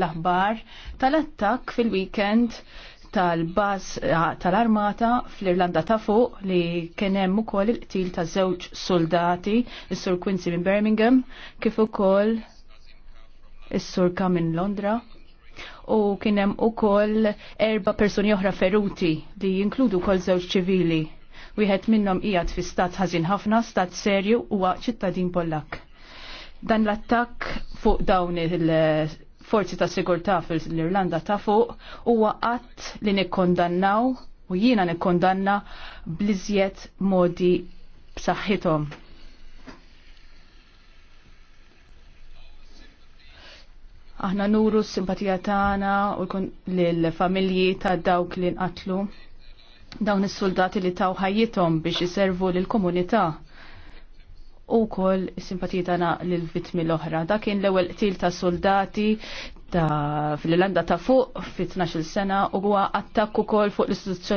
l-aħbar tal-attak fil-weekend tal-bas eh, tal-armata fl-Irlanda ta' fuq li kien hemm ukoll il-qtil ta' żewġ soldati, il sur Quincy minn Birmingham, kif ukoll is-Sur Ka minn Londra. U kien hemm ukoll erba' persuni oħra feruti li jinkludu wkoll żewġ ċivili. Wieħed minnhom qiegħed fi stat ħażin ħafna, stat serju huwa ċittadin Pollak. Dan l-attakk fuq dawn il- forzi ta' sigurtà fil-Irlanda ta' fuq huwa qatt li nikkondannaw u jiena nikkondanna bliżjed modi b'saħħithom. Aħna nuru s-simpatija tagħna u jkun lill-familji ta' dawk li nqatlu dawn is suldati li taw ħajjithom biex iservu lill-komunità u kol simpatija tana l-vitmi l-oħra. kien l-ewel qtil ta' soldati ta' fil landa ta' fuq fit-12 sena u huwa attakku kol fuq l-istituzzjoni